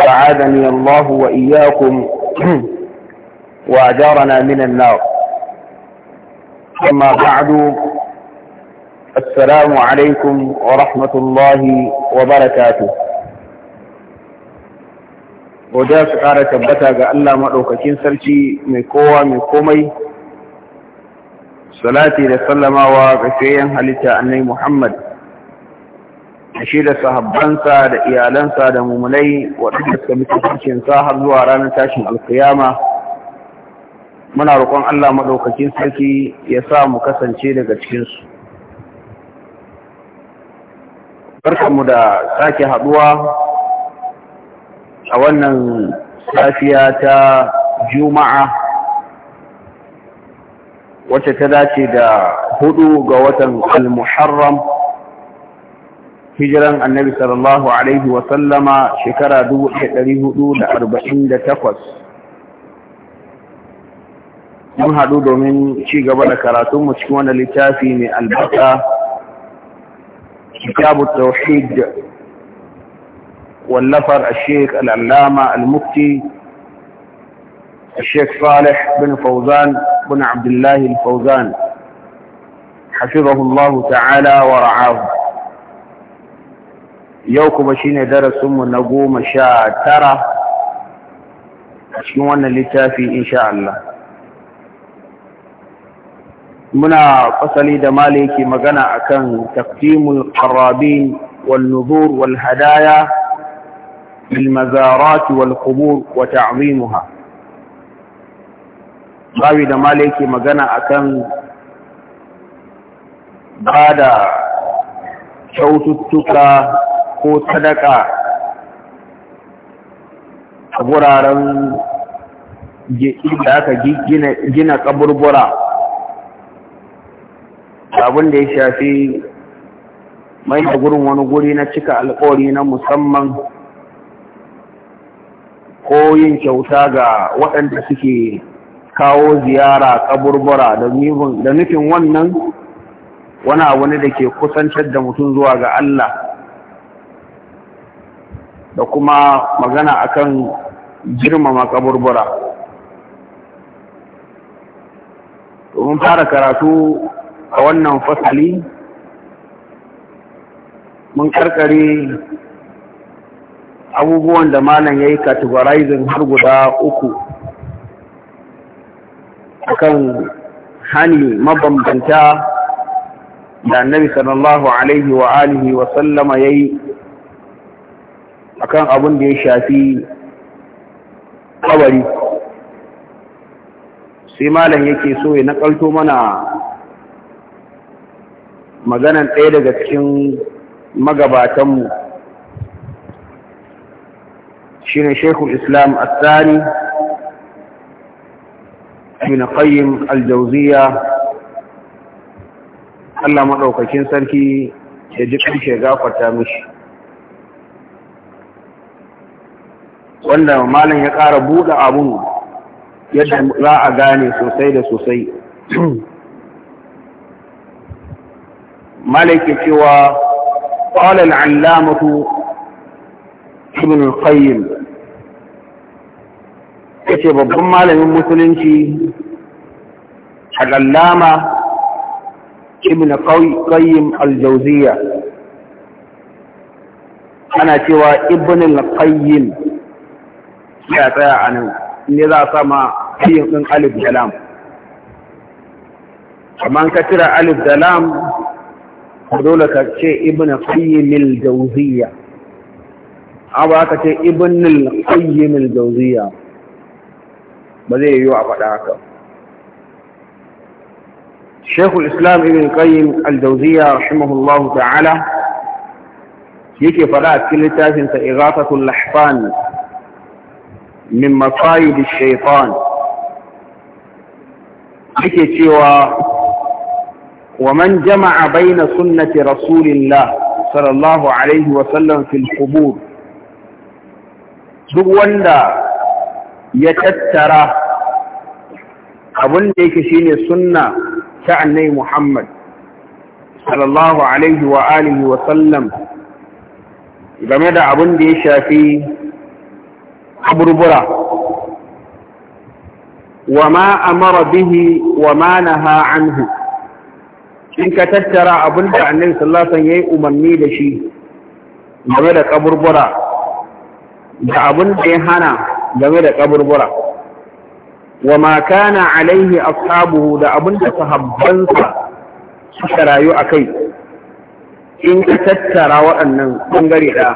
أعادني الله وإياكم وأجارنا من النار أما بعد السلام عليكم ورحمة الله وبركاته وجاءت سكارة تبتا قال لا مألوك كنسلتي ميكوة ميكومي صلاتي لسلم وغسيين هلتا أني محمد shi da sahabbansa da iyalansa da mumulai waɗanda suka mutu cikin sa har zuwa ranar tashin alkiyama muna roƙon Allah maɗaukakin sarki ya sa mu kasance daga cikinsu barkanmu da sake haɗuwa a wannan safiya ta juma'a wacce ta dace da hudu ga watan al-muharram hijiran annabi sallallahu alaihi wa sallama shekara 1448 mun haɗu domin ci gaba da karatunmu cikin wani littafi mai albata kitabu tauhid wallafar ashek al'allama al-mufti الشيخ صالح بن فوزان بن عبد الله الفوزان حفظه الله تعالى ورعاه yau kuma shine darasinmu na goma sha tara a cikin wannan littafi insha Allah muna fasali da maliki magana akan taqdimul qarabin wal nuzur wal hadaya bil mazarat wal qubur wa ta'zimuha bawi da maliki magana akan bada kyaututtuka ko sadaka a wuraren da aka gina kaburbura abin da ya shafi mai da gurin wani guri na cika alkawari na musamman ko yin kyauta ga waɗanda suke kawo ziyara kaburbura da nufin wannan wani abu ne da ke kusantar da mutum zuwa ga Allah da kuma magana akan girmama kaburbura mun fara karatu a wannan fasali mun karkare abubuwan da malam ya yi categorizing har guda uku akan hani mabambanta da annabi sallallahu alaihi wa alihi wa sallama ya yi akan abin da ya shafi kabari sai malam yake so ya nakalto mana maganan ɗaya daga cikin magabatanmu shi ne shekul islam asani ibn qayyim aljauziya allah maɗaukakin sarki ya ji ƙarshe gafarta mishi wanda malam ya ƙara buɗe abun yadda za a gane sosai da sosai malam ke cewa ƙwalar allamatu ibn al-qayyim ya ce babban malamin musulunci al'allama ibn qayyim al-jauziya ana cewa ibn al-qayyim ya tsaya a nan ne za a sama fiyin ɗin alif da lam amma ka cire alif da lam dole ka ce ibn qayyimil jawziya amma ka ce ibn qayyimil jawziya ba zai yiwu a faɗa haka شيخ الإسلام ابن القيم الجوزية رحمه الله تعالى يكي فلا أتكلم تاجن إغاثة اللحفان min masayid shaitan yake cewa wa man jama'a baina sunnati rasulillah sallallahu alaihi wa sallam fil qubur duk wanda ya tattara abun da yake shine sunna ta annabi Muhammad sallallahu alaihi wa alihi wa sallam game da abun da ya shafi kaburbura wa ma amara bihi wa ma naha anhu in ka tattara abin da annabi sallallahu alaihi yayi umarni da shi game da kaburbura da abin da ya hana game da kaburbura wa ma kana alaihi ashabuhu da abin da sahabbansa suka rayu akai in ka tattara waɗannan bangare ɗaya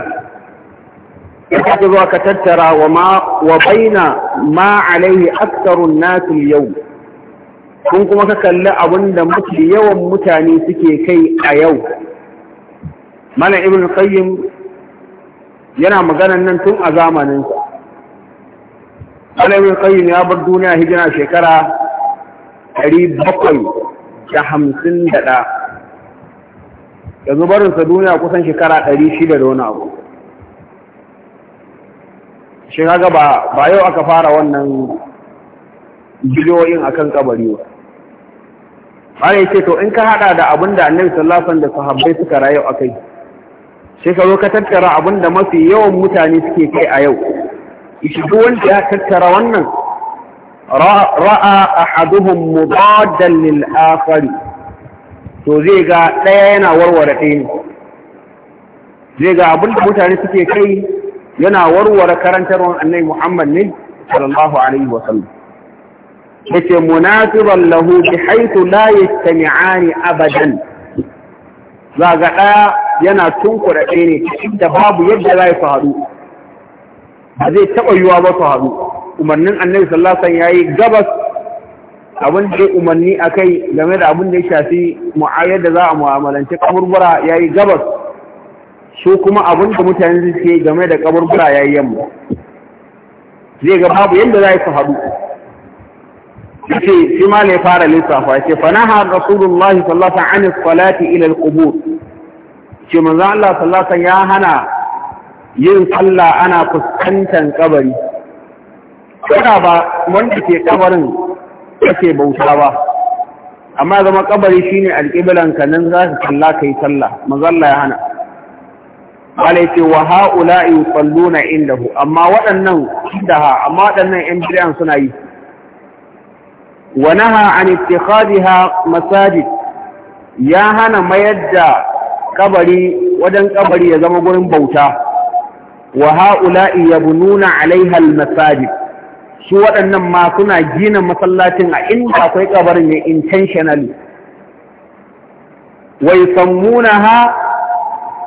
ka zuwa ka tattara wa ma wa baina ma alaihi aktharun nas yau kun kuma ka kalli abinda mafi yawan mutane suke kai a yau mana ibn qayyim yana maganan nan tun a zamanin sa mana ibn qayyim ya bar duniya hijira shekara 751 yanzu barinsa duniya kusan shekara 600 da wani abu shi haka ba yau aka fara wannan a akan kabari ba ana ce to in ka hada da abin da annabi sallallahu alaihi da sahabbai suka rayu akai sai ka zo ka tattara abin da mafi yawan mutane suke kai a yau shi duk wanda ya tattara wannan ra'a ahaduhum mudaddan lil akhari to zai ga daya yana warware ɗaya ne zai ga abin da mutane suke kai yana warware karantarwar annai Muhammad ne sallallahu alaihi wa sallam yake munafiran lahu bi haythu la yastami'ani abadan za ga yana tunkura ne da babu yadda za su haɗu ba zai taɓa yiwa ba su haɗu umarnin annabi sallasan ya yi yayi gabas abin da ya umarni a kai game da abin da ya shafi mu'ayyar da za a mu'amalanci kaburbura ya yi gabas shi kuma abin da mutane zai ce game da kaburbura yi yamma zai ga babu yadda za su haɗu yace shi ma ne fara lissafa ce yace fanaha rasulullah sallallahu alaihi wasallam salati ila alqubur ce manzo Allah sallallahu ya hana yin sallah ana fuskantar kabari kada ba wanda ke kabarin yake bauta ba amma zama kabari shine alqiblan ka nan za ka kalla kai sallah manzo Allah ya hana malai ce wa ha'ula'i yusalluna indahu amma waɗannan indaha amma waɗannan ƴan bid'an suna yi wa naha an masajid ya hana mayar da kabari wajen kabari ya zama gurin bauta wa ha'ula'i yabnuna 'alayha al-masajid su waɗannan ma suna gina masallacin a inda akwai kabarin ne intentionally wa yusammunaha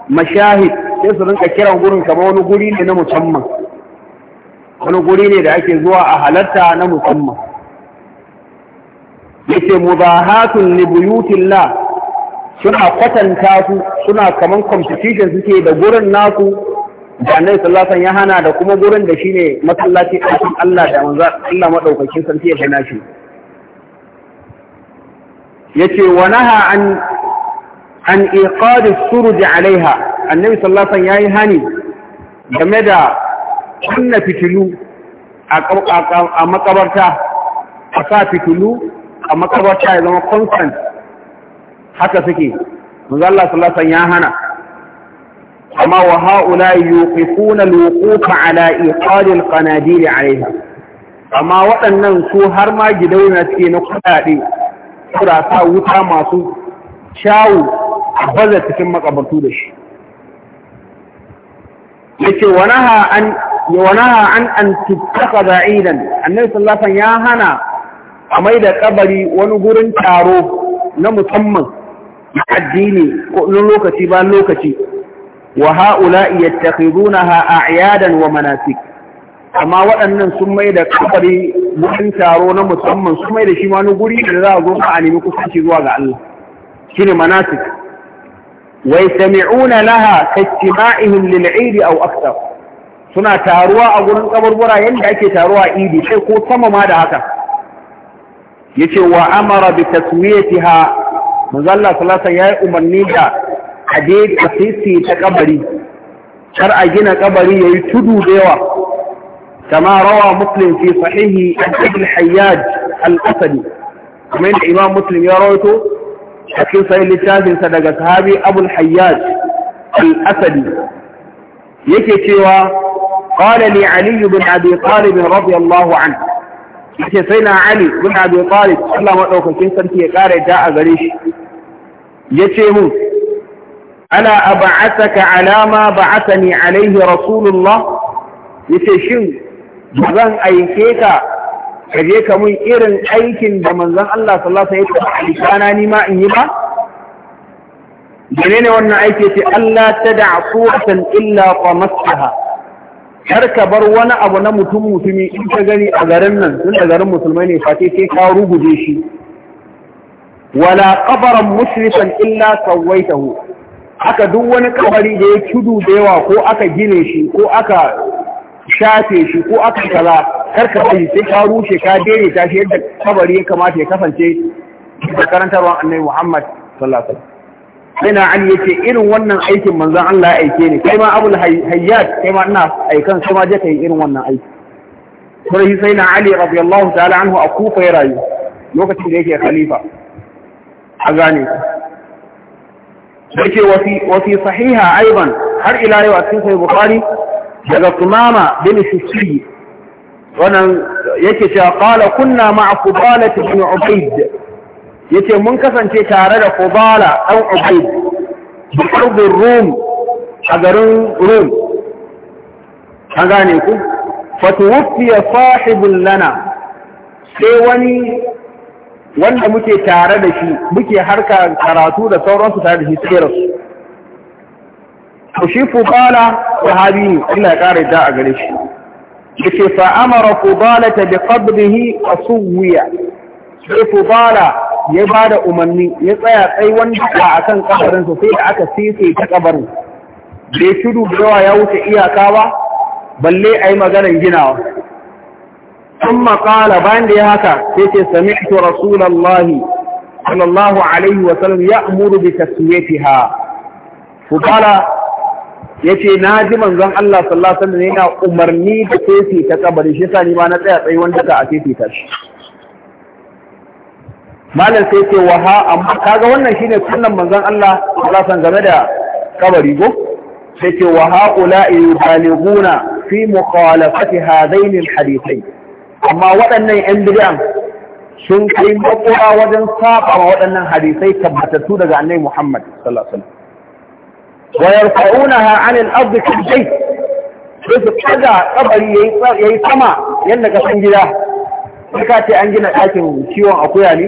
mashahid sai su rinka kiran gurin kamar wani guri ne na musamman wani guri ne da ake zuwa a halatta na musamman yace mubahatun li buyutillah suna kwatanta su suna kaman competition suke da gurin nasu da annabi sallallahu ya hana da kuma gurin da shine masallaci ɗakin Allah da manzo Allah madaukakin sarki ya gana shi yace wa naha an an iqad as-surud alaiha annabi sallallahu ya yi yayi hani game da kunna fitilu a makabarta a sa fitilu a makabarta ya zama constant haka suke manzo Allah sallallahu ya hana amma wa haula yuqifuna alwuqufa ala iqal alqanadir alaiha amma waɗannan su har ma gidauna suke na kuɗaɗe sura sa wuta masu shawu a baza cikin makabartu da shi yace wanaha an wanaha an an tuttakhadha idan annabi sallallahu alaihi ya hana a mai da kabari wani gurin taro na musamman addini ko lokaci ba lokaci wa ha'ula'i yattakhidunaha a'yadan wa manasik amma waɗannan sun mai da kabari wurin taro na musamman sun mai da shi wani guri da za a zo a nemi kusanci zuwa ga Allah shine manasik ويسمعون لها كاجتماعهم للعيد أو أكثر suna taruwa a gurin kaburbura yadda ake taruwa idi sai ko sama ma da haka yace wa amara bi taswiyatiha manzo sallallahu alaihi umarni da ade asisi ta kabari kar a gina kabari yayi tudu da yawa kama rawa muslim fi sahihi an ibn hayyaj al-asadi kuma imam muslim ya rawaito a cikin sai littafinsa daga sahabi abul hayyaj al-asadi yake cewa qala li ali ibn abi talib radiyallahu anhu yake sai na ali ibn abi talib Allah madaukakin sarki ya kare da a gare shi yace mu ala ab'ataka ala ma ba'athani alayhi rasulullah yace shin zan aike ka ka je ka mun irin aikin da manzon Allah sallallahu alaihi wasallam ya kana ni ma in yi ba menene wannan aiki ce Allah ta da quratan illa qamasaha kar ka bar wani abu na mutum mutumi in ka gani a garin nan tun da garin musulmai ne fate sai ka ruguje shi wala qabaran mushrifan illa sawaitahu haka duk wani kabari da ya tudu da yawa ko aka gine shi ko aka shafe shi ko aka kaza karka bari sai ka rushe ka daidaita shi yadda kabari ya kamata ya kasance da karantarwar annabi Muhammad sallallahu alaihi wasallam sai Ali yace irin wannan aikin manzon Allah ya aike ni kai ma Abul Hayyat kai ma ina aikan sai ma je kai irin wannan aiki sai sai na Ali radiyallahu ta'ala anhu a kufa ya rayu lokacin da yake khalifa a gane yake wasi wafi sahiha aiban har ila yau a cikin sahih Bukhari daga Tumama bin Shushri wannan yake cewa qala kunna ma'a fudala ibn ubayd yace mun kasance tare da fudala dan ubayd a qurbi rum a garin rum an gane ku fatuwfiya sahibun lana sai wani wanda muke tare da shi muke harka karatu da sauransu tare da shi sai rasu to shi fudala sahabi ne Allah ya kare da a gare shi yace fa amara ta bi qabdihi wa suwiya sai fudala ya da umarni ya tsaya tsai wanda a kan kabarin sai da aka sise ta kabarin bai shudu da yawa ya wuce iyaka ba balle ayi maganar ginawa ثم قال باند هكا تيتي سمعت رسول الله صلى الله عليه وسلم يأمر بتسويتها فقال Ya ce na ji manzon Allah sallallahu alaihi wasallam yana umarni da sai ta kabari shi yasa ni ma na tsaya tsayi wanda ka a sai ta shi malam sai ce wa ha amma kaga wannan shine sunnan manzon Allah sallallahu alaihi game da kabari go sai ce wa haula yubaliguna fi mukhalafati hadain alhadithain amma waɗannan yan bid'an sun kai makura wajen saba waɗannan hadisai tabbatattu daga annabi Muhammad sallallahu alaihi wasallam ويرفعونها عن الأرض كالبيت sai su ɗaga kabari ya yi sama yadda ka gida sai ce an gina ɗakin kiwon akuya ne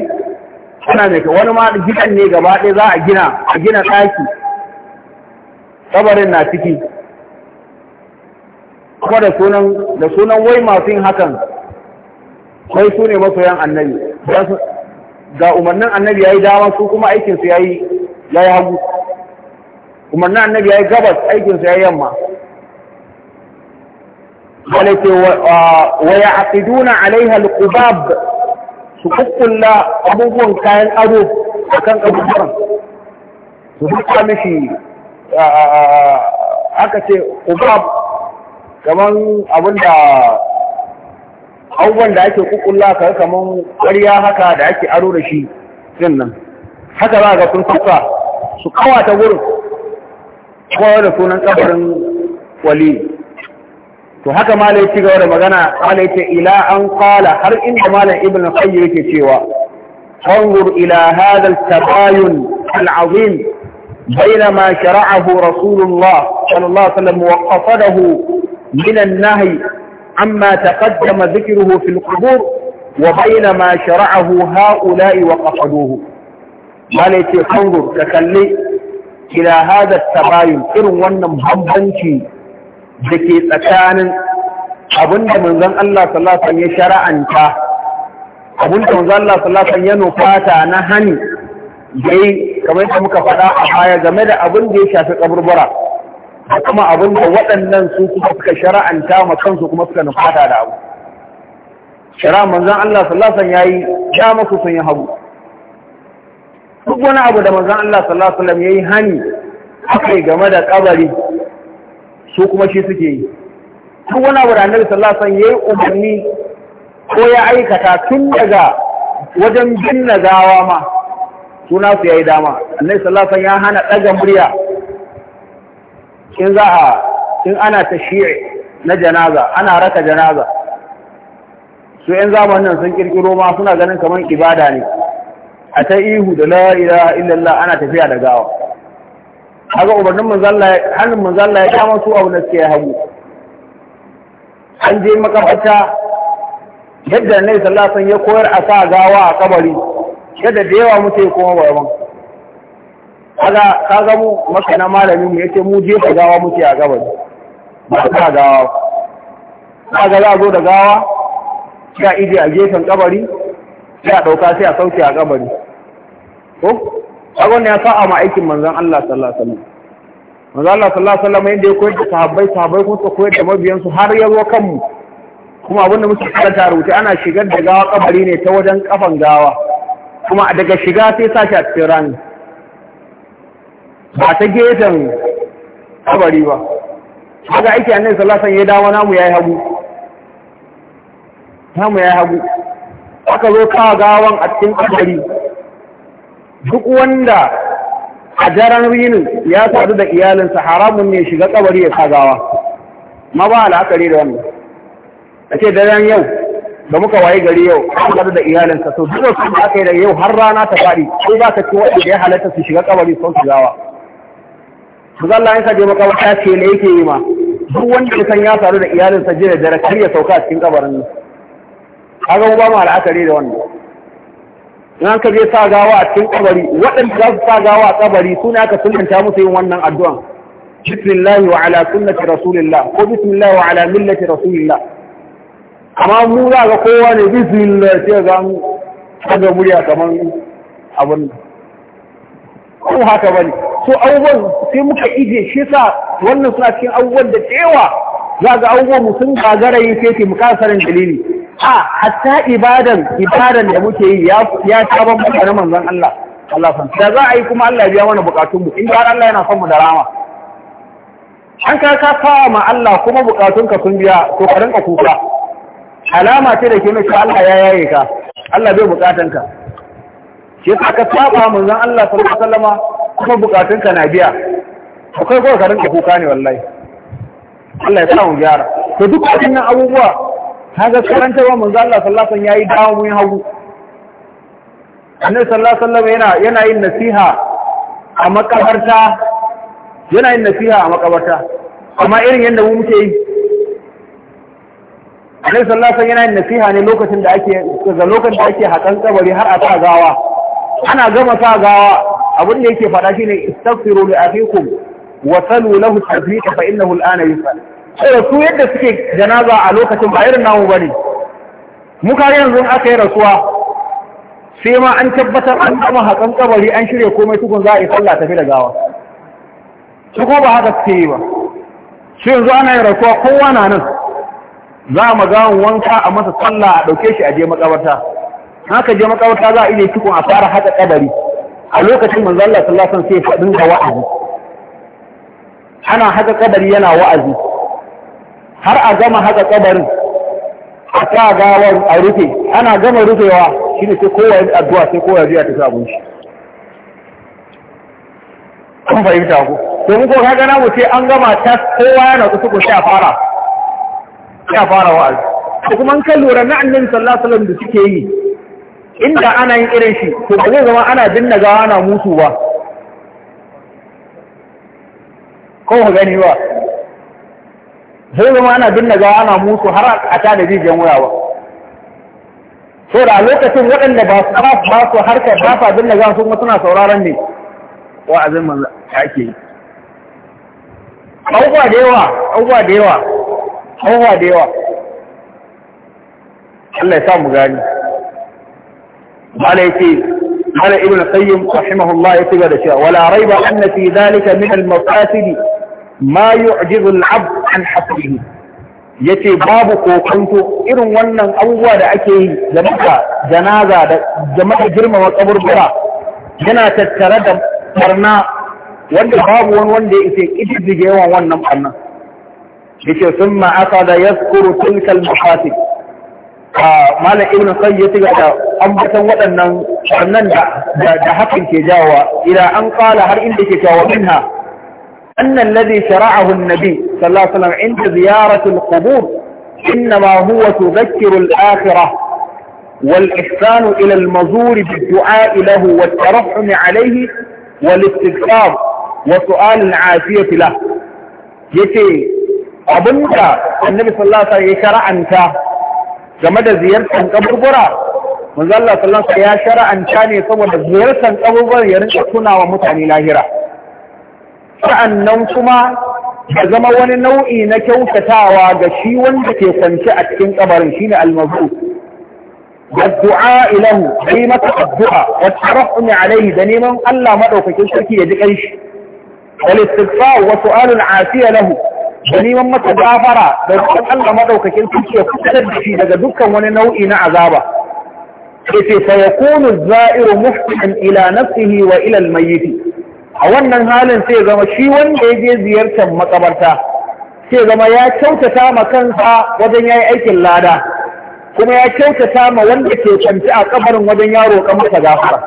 ana mai wani ma gidan ne gaba ɗaya za a gina gina ɗaki kabarin na ciki kuma da sunan wai masu yin hakan sai su ne annabi ga umarnin annabi ya yi dama su kuma aikinsu ya yi hagu umarnin annabi ya yi gabas aikinsa ya yamma walake wa ya aqiduna alaiha alqubab su kukkulla abubuwan kayan ado a kan abubuwan su duka mishi aka ce Kubab? kamar kaman da abubuwan da ake kukkulla ka kaman ƙarya haka da ake aro da shi din nan haka za ga sun kuka su kawata gurin kowa da sunan kabarin wali to haka malai ci gaba da magana malai ce ila an kwala har inda malai ibn qayyim yake cewa tanzur ila hadha al-tabayun al-azim بينما شرعه رسول minan صلى الله ta وسلم وقصده من النهي عما تقدم ذكره في القبور وبينما شرعه هؤلاء وقصدوه ما ليتي تنظر تكلي ila hada tabayun irin wannan bambanci da ke tsakanin abinda manzon Allah sallallahu alaihi ya shara'anta abinda manzon Allah sallallahu alaihi ya nufata na hani dai kamar yadda muka faɗa a baya game da abin da ya shafi kaburbura da kuma abin da waɗannan su kuma suka shara'anta ma kansu kuma suka nufata da abu shara'a manzon Allah sallallahu alaihi ya yi ya masu sun yi hagu duk wani abu da manzon Allah sallallahu alaihi wasallam yayi hani akai game da kabari su kuma shi suke yi duk wani abu da annabi sallallahu alaihi wasallam yayi umarni ko ya aikata tun daga wajen binne gawa ma suna su yayi dama annabi sallallahu alaihi wasallam ya hana daga murya in za a in ana tashi'i na janaza ana raka janaza su yan zamanin sun kirkiro ma suna ganin kamar ibada ne a ta ihu da la ilaha illallah ana tafiya da gawa haka ubannin manzalla hannun manzalla ya kama su abu da suke hagu an je makabarta yadda nai sallasan ya koyar a sa gawa a kabari yadda da yawa muke kuma haka ka kaga mu na malamin mu ce mu jefa gawa muke a kabari ba sa gawa ga za a zo da gawa sai a ije a gefen kabari sai a ɗauka sai a sauke a kabari ko ne ya sa ma aikin manzon Allah sallallahu alaihi wasallam manzon Allah sallallahu alaihi wasallam yadda ya koyar da sahabbai sahabbai kuma koyar da mabiyansu har ya zo kanmu kuma abin da muke karanta rubuta ana shigar da gawa kabari ne ta wajen kafan gawa kuma daga shiga sai sashi a cikin rami ba ta gefen kabari ba kaga aiki annabi sallallahu alaihi wasallam ya dawo namu yayi hagu namu yayi hagu aka zo kawo gawan a cikin kabari duk wanda a daren rinin ya sadu da iyalinsa haramun ne shiga kabari ya kagawa, ma ba la'akari da wannan a ce daren yau da muka waye gari yau an sadu da iyalinsa to duk wasu da aka yi da yau har rana ta faɗi sai za ka ci waɗanda ya halatta su shiga kabari sun su gawa su zalla yin ka je makabarta ce ne yake yi ma duk wanda ya san ya sadu da iyalinsa jiya da kar ya sauka a cikin kabarin nan kaga mu ba mu da wannan in an ka je sa gawa a cikin kabari waɗanda za su sa gawa a kabari su ne aka sunanta musu yin wannan addu'an bismillahi wa ala sunnati rasulillah ko bismillahi wa ala millati rasulillah amma mu za ga kowa ne bismillah sai ga mu kaga murya kamar abin ko haka bane so abubuwan sai muka ije shi sa wannan suna cikin abubuwan da cewa za ga abubuwan mu sun gagara sai mu kasa sanin dalili a hatta ibadan ibadan da muke yi ya ta ban mutane manzon Allah Allah san da za a yi kuma Allah ya biya mana bukatun mu in har Allah yana son mu da rama an ka ka kawo ma Allah kuma bukatun ka sun biya to ka rinka kuka alama ce da ke nuna Allah ya yaye ka Allah bai bukatan ka shi sa ka saba manzon Allah sallallahu alaihi wasallama kuma bukatun ka na biya akwai ko ka rinka kuka ne wallahi Allah ya sa mu gyara to duk wannan abubuwa kaga karantarwa manzo Allah sallallahu alaihi wasallam yayi dawo mun hagu annabi sallallahu alaihi wasallam yana yana yin nasiha a makabarta yana yin nasiha a makabarta amma irin yanda mu muke yi annabi sallallahu alaihi wasallam yana yin nasiha ne lokacin da ake ga lokacin da ake hakan kabari har a ta gawa ana gama ta gawa abin da yake faɗa shine istaghfiru li akhikum wa salu lahu tawfiq fa innahu al'ana yusalli su yadda suke janaza a lokacin ba irin namu bane Muka yi yanzu aka yi rasuwa sai ma an tabbatar an gama hakan kabari an shirya komai tukun za a yi sallah tafi da gawa su ko ba haka suke yi ba shi yanzu ana yi rasuwa kowa na nan za mu ga wanka a masa sallah a ɗauke shi a je makabarta haka je makabarta za a iya tukun a fara haka kabari a lokacin manzo Allah sallallahu alaihi wasallam sai faɗin da wa'azi ana haka kabari yana wa'azi har a gama haka kabarin a ta gawar a rufe ana gama rufewa shi ne sai kowa yin addu'a sai kowa ya ta sabon shi kun fahimta ku to muku gana mu ce an gama ta kowa yana kusa ku sha fara sha fara wa'azi to kuma kan lura na annabi sallallahu alaihi wasallam da suke yi inda ana yin irin shi to ba zai zama ana dinna gawa ana musu ba ko gani ba sai zama ana binne gawa ana musu har a ta da jijiyan wurawa so da lokacin waɗanda ba su ba su harkar ba sa binne gawa su suna sauraron ne wa'azin manzo ake yi abubuwa da yawa abubuwa da yawa abubuwa da yawa Allah ya sa mu gani malai ce قال ابن القيم رحمه الله يتبع الشيء ولا ريب أن في ذلك من المفاسد ما يعجز العبد an hasrihi yace babu kokonto irin wannan abubuwa da ake yi game da janaza da jama'a da girmama kaburbura yana tattare da barna wanda babu wani wanda ya ce kididdige yawan wannan barnan yace summa aqada yazkuru tilka al-mafatih a malam ibn qayyim ya tiga da ambatan waɗannan sannan da da hakan ke jawowa ila an qala har inda ke cewa minha anna alladhi shara'ahu an-nabi صلى الله عليه وسلم عند زيارة القبور إنما هو تذكر الآخرة والإحسان إلى المزور بالدعاء له والترحم عليه والاستفاد وسؤال العافية له يتي أبنك النبي صلى الله عليه وسلم يشرع أنك كما زيارة قبر برا وزال الله صلى الله عليه وسلم يشرع أنك يصور يعني زيارة قبر برا يرنك تنا ومتعني لاهرة فأن نوم ya zama wani nau'i na kyautatawa ga shi wanda ke kwance a cikin kabarin shine almazu addu'a ilahu sai masa addu'a wa ne alaihi da neman Allah madaukakin sarki ya ji kanshi wal istighfar wa su'alul afiya lahu da neman masa gafara da roƙon Allah madaukakin sarki ya fitar da shi daga dukkan wani nau'i na azaba sai fa yakunu zairu muhtiman ila nafsihi wa ila al a wannan halin sai zama shi wanda ya je ziyartar makabarta sai zama ya kyautata ma kansa wajen ya yi aikin lada kuma ya kyautata ma wanda ke kwanci a kabarin wajen ya roƙa masa gafara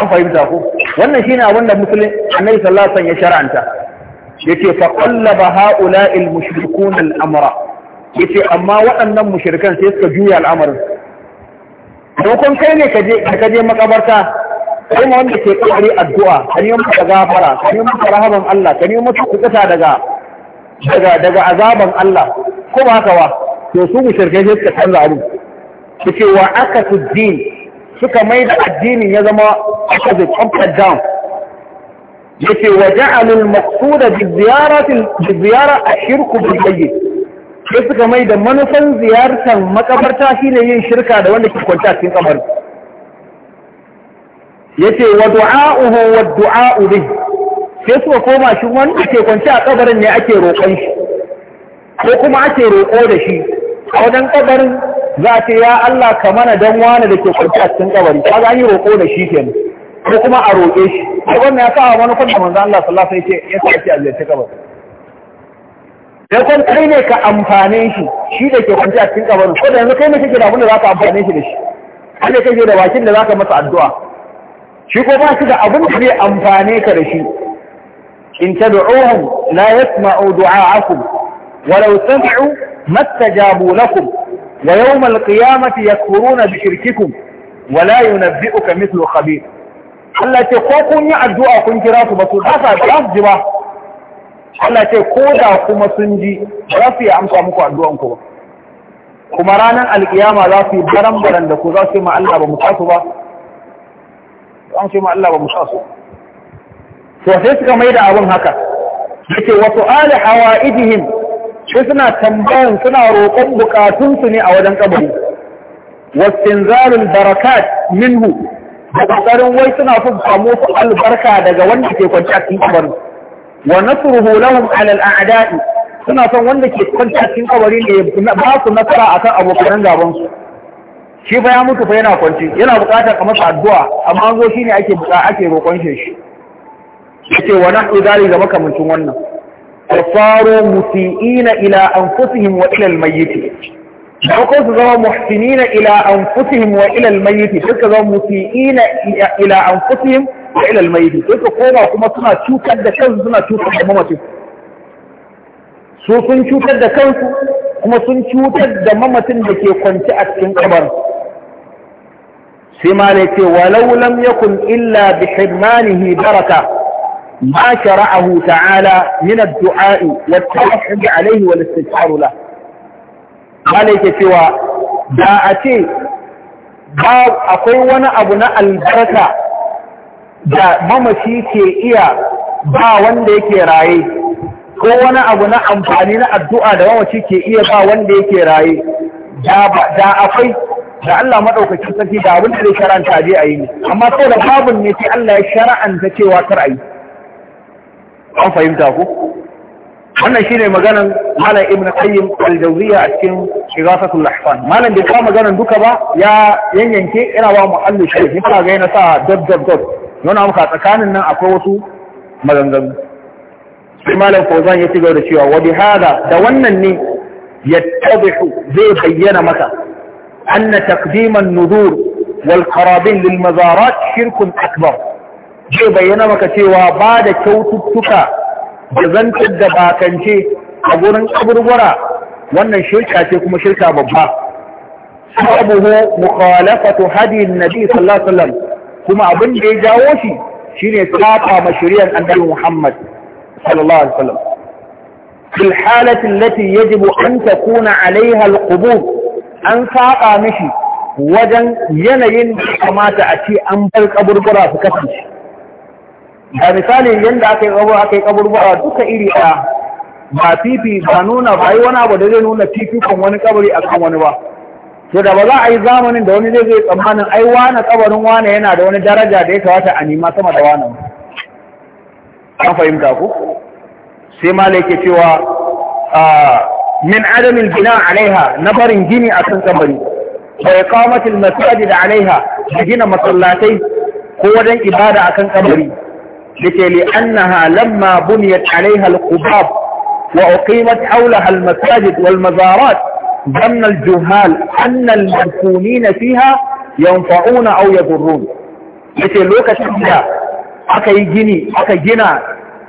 an fahimta ko wannan shi shine abin da musulun annabi sallallahu alaihi wasallam ya ce, yace fa qallaba haula al mushrikun al'amura. Ya ce amma waɗannan mushrikan sai suka juya al'amarin don kai ne ka je makabarta kai ma wanda ke kokari addu'a kan yi masa gafara kan yi masa rahaman Allah kan yi masa kukuta daga daga daga azaban Allah ko ba haka ba to su mushrikai sai suka canza abu suke wa aka su din suka mai da addinin ya zama aka zai upside down yake wa ja'alul maqsuda bi ziyaratil bi ziyara ashirku bil mayyit sai suka mai da manufan ziyartar makabarta shine yin shirka da wanda ke kwanta cikin kabari yace wa du'a'uhu wa du'a'u bih sai suka koma shi wanda ke kwance a kabarin ne ake roƙon shi ko kuma ake roƙo da shi a wajen kabarin za a ce ya Allah ka mana dan wani da ke kwance a cikin kabari ka an yi roƙo da shi kenan ko kuma a roƙe shi sai wannan ya sa wani kwanta manzo Allah sallallahu alaihi wasallam ya ce ya ce a kabarin sai kun kai ne ka amfane shi shi da ke kwance a cikin kabarin ko da yanzu kai ne kake da abin da za ka amfane shi da shi kai ne kake da bakin da za ka masa addu'a shi ko ba da abin da zai amfane ka da shi in tad'uhum la yasma'u du'a'akum walau sami'u mastajabu lakum wa yawm al-qiyamati yakfuruna bi shirkikum wa la yunabbi'uka mithlu khabir Allah ce ko kun yi addu'a kun kira su ba su haka ba su ji ba Allah ce ko da kuma sun ji ba su yi amsa muku addu'an ku ba kuma ranar alƙiyama za su yi baran baran da ku za su yi ma Allah ba mu ba an ce ma Allah ba mu su to sai suka mai da abin haka yake wasu ali hawa'idihim shi suna tambayan suna roƙon bukatunsu ne a wajen kabari wastinzalul barakat minhu da wai suna so samu su albarka daga wanda ke kwanci a cikin kabari wa nasruhu lahum ala adai suna son wanda ke kwanci a cikin kabari ne ba su nasara akan abokan gaban su shi fa ya mutu fa yana kwanci yana buƙatar a masa addu'a amma an zo ne ake buƙa ake roƙon shi ce wa nahu zalika ga makamancin wannan fasaru musiiina ila anfusihim wa ila almayyit ko su zama muhsinina ila anfusihim wa ila almayyit suka zama musiiina ila anfusihim wa ila almayyit suka koma kuma suna cutar da kansu suna cutar da mamacin su sun cutar da kansu kuma sun cutar da mamacin da ke kwanci a cikin kabarin sai ma ne ce walau lam yakun illa bi hirmanihi baraka ma shara'ahu ta'ala min ad-du'a wa at-tawakkul alayhi wal istighfar la cewa da a ce ba akwai wani abu na albarka da mamaci ke iya ba wanda yake raye ko wani abu na amfani na addu'a da mamaci ke iya ba wanda yake raye da akwai da Allah madaukakin sarki da abin da zai shar'anta je a yi ne amma saboda babun ne sai Allah ya shara'anta cewa kar a yi an fahimta ku wannan shine maganan malam ibnu qayyim al-jawziyya a cikin igasatul ahsan malam bai kawo maganan duka ba ya yanyanke ina ba muhallin shi in ka ga yana sa dab dab dab yana muka tsakanin nan akwai wasu maganganu sai malam Fawzan ya ci gaba da cewa wa da wannan ne yattabihu zai bayyana maka أن تقديم النذور والقرابين للمزارات شرك أكبر جي بينا مكتوى بعد كوتبتك جزنت الدباكنشي أقول أبر ورا وأن الشركة تكون شركة ببا سببه مخالفة هدي النبي صلى الله عليه وسلم كما أبن بيجاوشي شيني ساقا مشريا النبي محمد صلى الله عليه وسلم في الحالة التي يجب أن تكون عليها القبوض an saba mishi wajen yanayin da kamata a ce an bar kaburbura su kasance Ba misali yadda aka yi kaburbura aka yi kaburbura duka iri a ba fifi ba nuna ba yi wani abu da zai nuna kan wani kabari a kan wani ba to da ba za a yi zamanin da wani zai zai tsammanin ai wana kabarin wana yana da wani daraja da ya kawata a nima sama da wane an fahimta ku sai ma yake cewa ah, من عدم البناء عليها نفر جني أكن كبري وإقامة المساجد عليها جينا مصلاتي هو دن إبادة أكن كبري لكي لأنها لما بنيت عليها القباب وأقيمت حولها المساجد والمزارات ظن الجهال أن المدفونين فيها ينفعون أو يضرون لكي لوكا شمدا أكا يجيني أكا جنا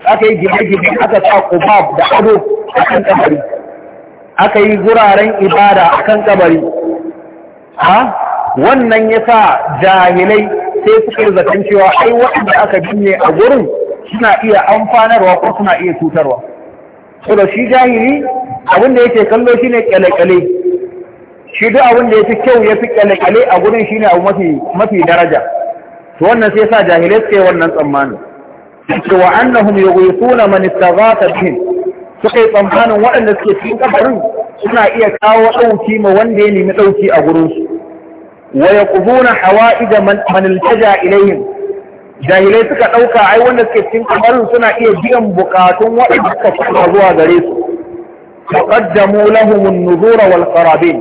أكا يجيني أكا تاقباب دعوه أكن كبري aka yi guraren ibada a kan kabari ha wannan ya sa jahilai sai suka yi zaton cewa ai waɗanda aka binne a gurin suna iya amfanarwa ko suna iya cutarwa saboda shi jahili abin da yake kallo shine ƙyale-ƙyale. shi duk abin da fi kyau yafi ƙyale-ƙyale a gurin shine abu mafi daraja to wannan sai sa jahilai suke wannan tsammani cewa annahum yughithuna man istaghatha bihim suka yi tsammanin waɗanda suke cikin suna iya kawo ɗauki ma wanda ya nemi ɗauki a gurinsu wa yaquduna hawa'ija man man ilayhim jahilai suka ɗauka ai wanda suke cikin kabarin suna iya biyan bukatun waɗanda suka fara zuwa gare su faqaddamu lahum an-nuzur wal qarabin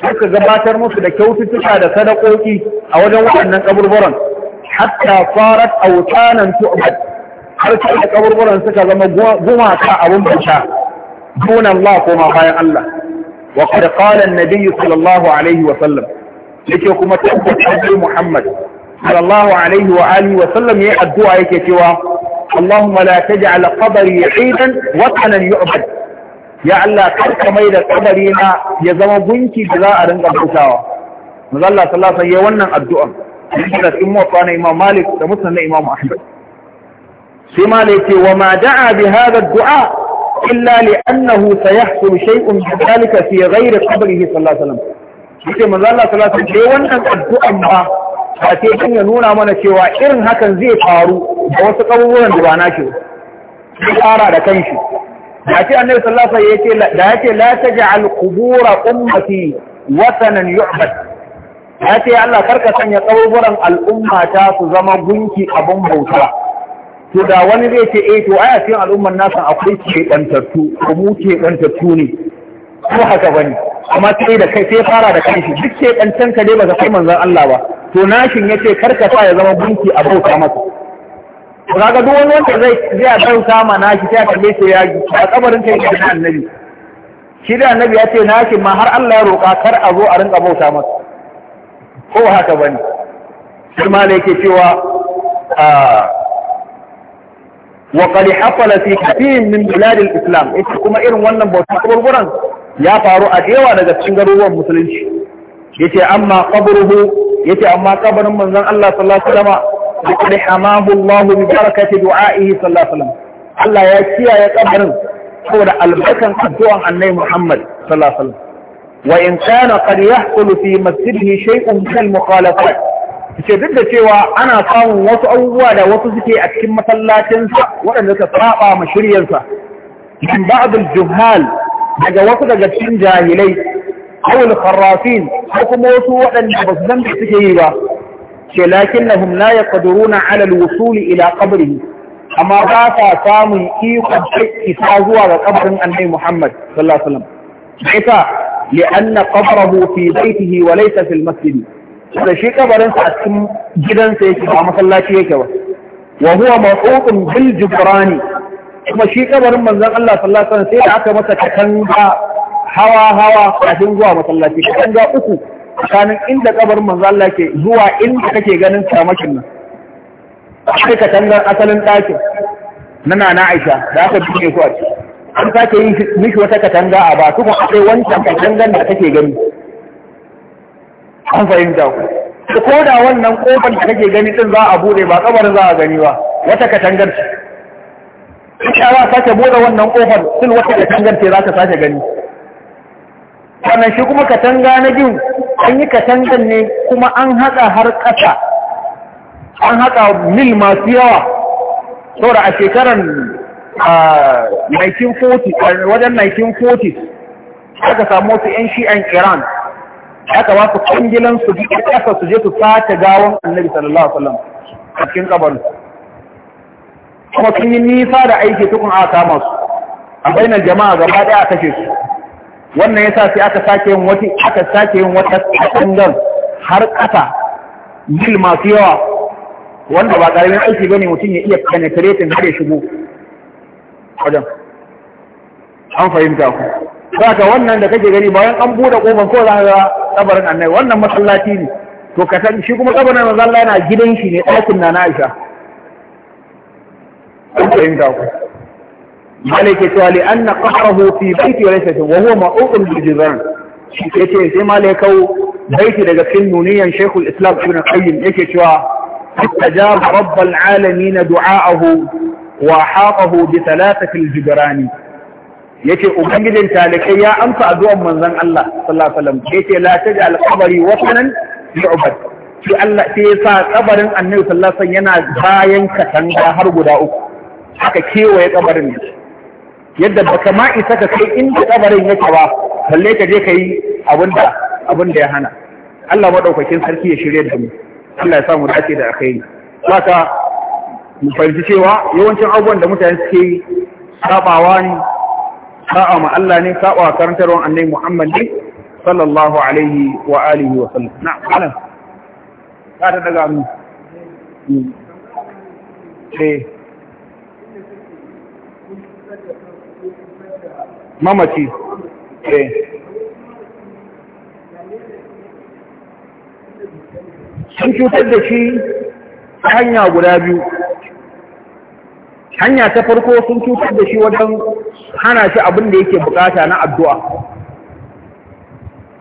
suka gabatar musu da kyaututtuka da sadakoki a wajen waɗannan kaburburan hatta farat awtanan tu'bad har ta da kaburburan suka zama gumaka abin bauta dun Allah ko ma bayan Allah wa qad qala an sallallahu alaihi wa sallam yake kuma tabbata Muhammad sallallahu alaihi wa alihi wa sallam yayi addu'a yake cewa Allahumma la taj'al qabri 'idan watanan yu'bad ya Allah karka mai da kabari na ya zama gunki da za a rinka bautawa manzo Allah sallallahu alaihi wa sallam yayi wannan addu'a cikin muwatta Malik da Imam Ahmad sai ma ne ce wa ma da'a bi hadha du'a illa li annahu sayahsul shay'un bi dalika fi ghairi qabrihi sallallahu alaihi wasallam yace manzo Allah sallallahu alaihi wasallam wannan addu'an ba ba sai kin ya nuna mana cewa irin hakan zai faru a wasu kaburuwan da ba na shi ya fara da kanshi da ce annabi sallallahu alaihi wasallam yace da yace la taj'al qubura ummati watanan yu'bad ce Allah karka sanya kaburuwan al'umma ta su zama gunki abun bauta to da wani zai ce eh to ai a cikin al'ummar nasa akwai keɓantattu ko mu keɓantattu ne ko haka bane amma sai da kai sai fara da kai Duk duk keɓantan ka dai ba ka kai manzon Allah ba to nashin yace karka sa ya zama gunki a bauta masa to kaga duk wani wanda zai zai bauta ma nashi sai kalle shi ya a kabarin kai da annabi shi da annabi ya ce nashin ma har Allah ya roƙa kar a zo a rinka bauta masa ko haka bane sai ma yake cewa a ah, wa qad hafala fi kathir min bilad al-islam ita kuma irin wannan bautan kaburburan ya faru a dewa daga cikin garuruwan musulunci yace amma qabruhu yace amma kabarin manzon Allah sallallahu alaihi wasallam qad hamahu Allah bi barakati du'a'ihi sallallahu alaihi wasallam Allah ya kiyaye kabarin saboda albarkan addu'an annabi Muhammad sallallahu alaihi wasallam wa in kana qad yahsul fi masjidihi shay'un kal mukhalafat ce duk da cewa ana samun wasu abubuwa da wasu suke a cikin masallacinsa waɗanda suka saba ma shiryarsa min ba'adul juhal daga wasu daga cikin jahilai Awul al ko kuma wasu waɗanda ba su san da suke yi ba ce humna la yaqdiruna ala al wusul ila qabrihi amma ba sa samun ikon isa zuwa ga kabarin annai Muhammad sallallahu alaihi wasallam sai ka li qabrahu fi baitihi wa laysa fil masjid da shi kabarinsa a cikin gidansa yake ba masallaci yake ba wa huwa mawqutun bil jibrani kuma shi kabarin manzon Allah sallallahu alaihi wasallam sai da aka masa katanga hawa hawa kafin zuwa masallaci katanga uku tsakanin inda kabarin manzon Allah ke zuwa inda kake ganin kamakin nan sai katangar asalin ɗakin na nana Aisha da aka buɗe su a ciki an sake yin mishi wata katanga a ba kuma akwai wancan katangar da kake gani an fahimta ku ko da wannan kofar da kake gani din za a bude ba kabarin za a gani ba wata katangar ce ita za sake bude wannan kofar sun wata katangar ce za ka sake gani sannan shi kuma katanga na biyu an yi katangar ne kuma an haka har ƙasa an haka mil masu yawa saura a shekarar 1940 wajen 1940 aka samu wasu 'yan shi'an iran aka ba su kungilan su bi kasa su je su sace gawon annabi sallallahu alaihi wasallam a cikin kabarin kuma sun yi nisa da aiki tukun aka kama su a bainar jama'a gaba ɗaya aka kashe su wannan yasa sai aka sake yin wata aka sake yin wata kungan har ƙasa mil masu yawa wanda ba ƙaramin aiki bane mutum ya iya penetrating har ya shigo wajen an fahimta ku saka wannan da kake gani bayan an bude kofar ko za ga kabarin annabi wannan masallaci ne to ka san shi kuma kabarin manzo na yana gidan shi ne ɗakin na Aisha an fahimta ku malai ke cewa li anna qahrahu fi baiti wa laysa wa huwa ma'uqun bil jizran shi yace sai malai kawo baiti daga cikin nuniyan Sheikhul Islam Ibn Qayyim yake cewa استجاب رب العالمين دعاءه وحاطه بثلاثة الجدران yace ubangijin talikai ya amsa addu'ar manzon Allah sallallahu alaihi wasallam yace la taj'al qabri watanan yu'bad shi Allah sai ya sa kabarin Annabi sallallahu alaihi wasallam yana bayan katanga har guda uku aka kewaye kabarin yadda baka ma isa ka kai inda kabarin yake ba balle ka je kai abinda abinda ya hana Allah madaukakin sarki ya shirye da mu Allah ya sa mu dace da alkhairi saka mu fahimci cewa yawancin abubuwan da mutane suke sabawa ne sa'a ma Allah ne sa'a karantarwar annai Muhammad sallallahu alaihi wa alihi wa sallam na alam ka ta daga mu hmm. eh. mamaci eh. sun cutar da shi hanya guda biyu hanya ta farko sun cutar da shi wajen hana shi abin da yake bukata na addu'a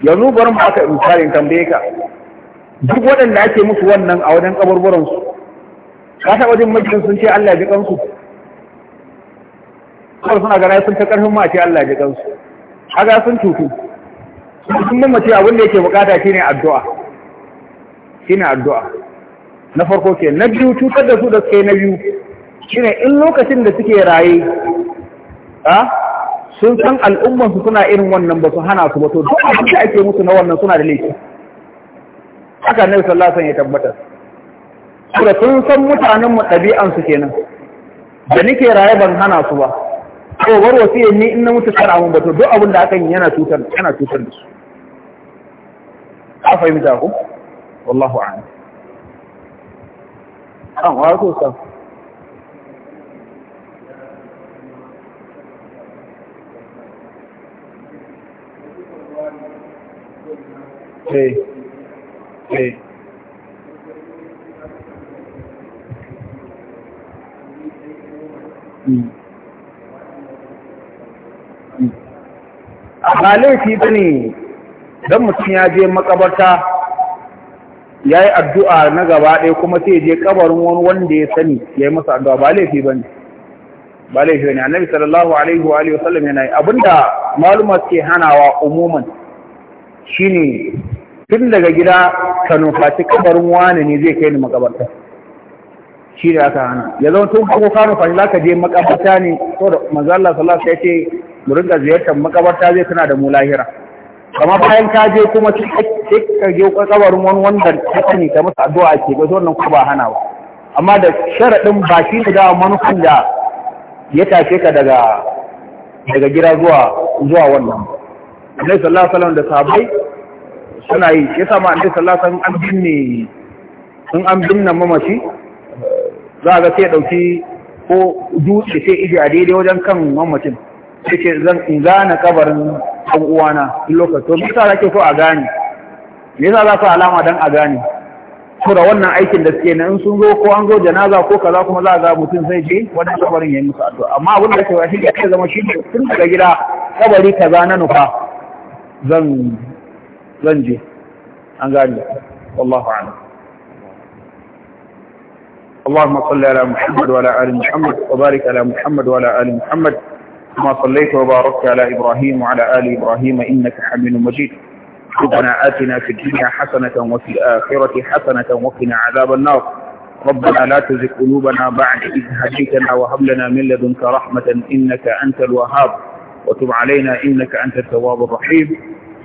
yanzu bari mu aka misalin tambaye ka duk waɗanda ake musu wannan a wajen kaburburan su ka taɓa jin sun ce Allah ji kansu kawai suna gara sun ta ƙarfin mace ce Allah ji kansu haga sun cutu sun mace abin da yake bukata ne addu'a shi ne addu'a na farko ke na biyu cutar da su da suke na biyu Shi ne in lokacin da suke raye sun san al'ummansu suna irin wannan ba su hana su ba to duk abin da ake musu na wannan suna da laifi haka ne sallallahu ya tabbata kuma sun san mutanen mu ɗabi'an su kenan da nake raye ban hana su ba to war wasiya ni in na mutu kar amun ba to duk abin da aka yi yana cutar yana da su a fahimta ku wallahu a'lam an wa ko sa eh eh ba laifi ba ne don mutum ya je makabarta ya yi addu'a na gaba ɗaya kuma sai je kabarin wani wanda ya sani ya yi masa addu'a ba laifi ba ne ba laifi ba ne annabi sallallahu alaihi wa alihi wasallam yana yi abinda maluma ke hanawa umuman shi ne. tun daga gida ka nufaci kabarin wani ne zai kai ni makabarta shi da aka hana ya zama tun kuma ka nufaci za ka je makabarta ne so da manzo sallallahu alaihi wasallam ya ce mu rinka ziyartar makabarta zai tana da mu lahira amma bayan ka je kuma sai ka je kabarin wani wanda ka sani ka masa addu'a ke ba wannan ku ba hana ba amma da sharaɗin ba shi ne da manufan da ya tashe ka daga daga gida zuwa zuwa wannan Annabi sallallahu alaihi wasallam da sahabbai suna yi ya sama an dai sallasa an binne in an binne mamaci za a ga sai ɗauki ko dutse sai ije a daidai wajen kan mamacin sai ce zan in gane kabarin ɗan uwana in lokaci to bisa da ke so a gane me yasa za su alama don a gane tura wannan aikin da suke na in sun zo ko an zo janaza ko kaza kuma za a ga mutum zai je wannan kabarin ya yi musu addu'a amma abin da ke shi ya zama shi ne tun daga gida kabari kaza na nufa zan لنجي je an gani wallahu a'lam اللهم صل على محمد وعلى آل محمد وبارك على محمد وعلى آل محمد كما صليت وباركت على إبراهيم وعلى آل إبراهيم إنك حميد مجيد ربنا آتنا في الدنيا حسنة وفي الآخرة حسنة وقنا عذاب النار ربنا لا تزغ قلوبنا بعد إذ هديتنا وهب لنا من لدنك رحمة إنك أنت الوهاب وتب علينا إنك أنت التواب الرحيم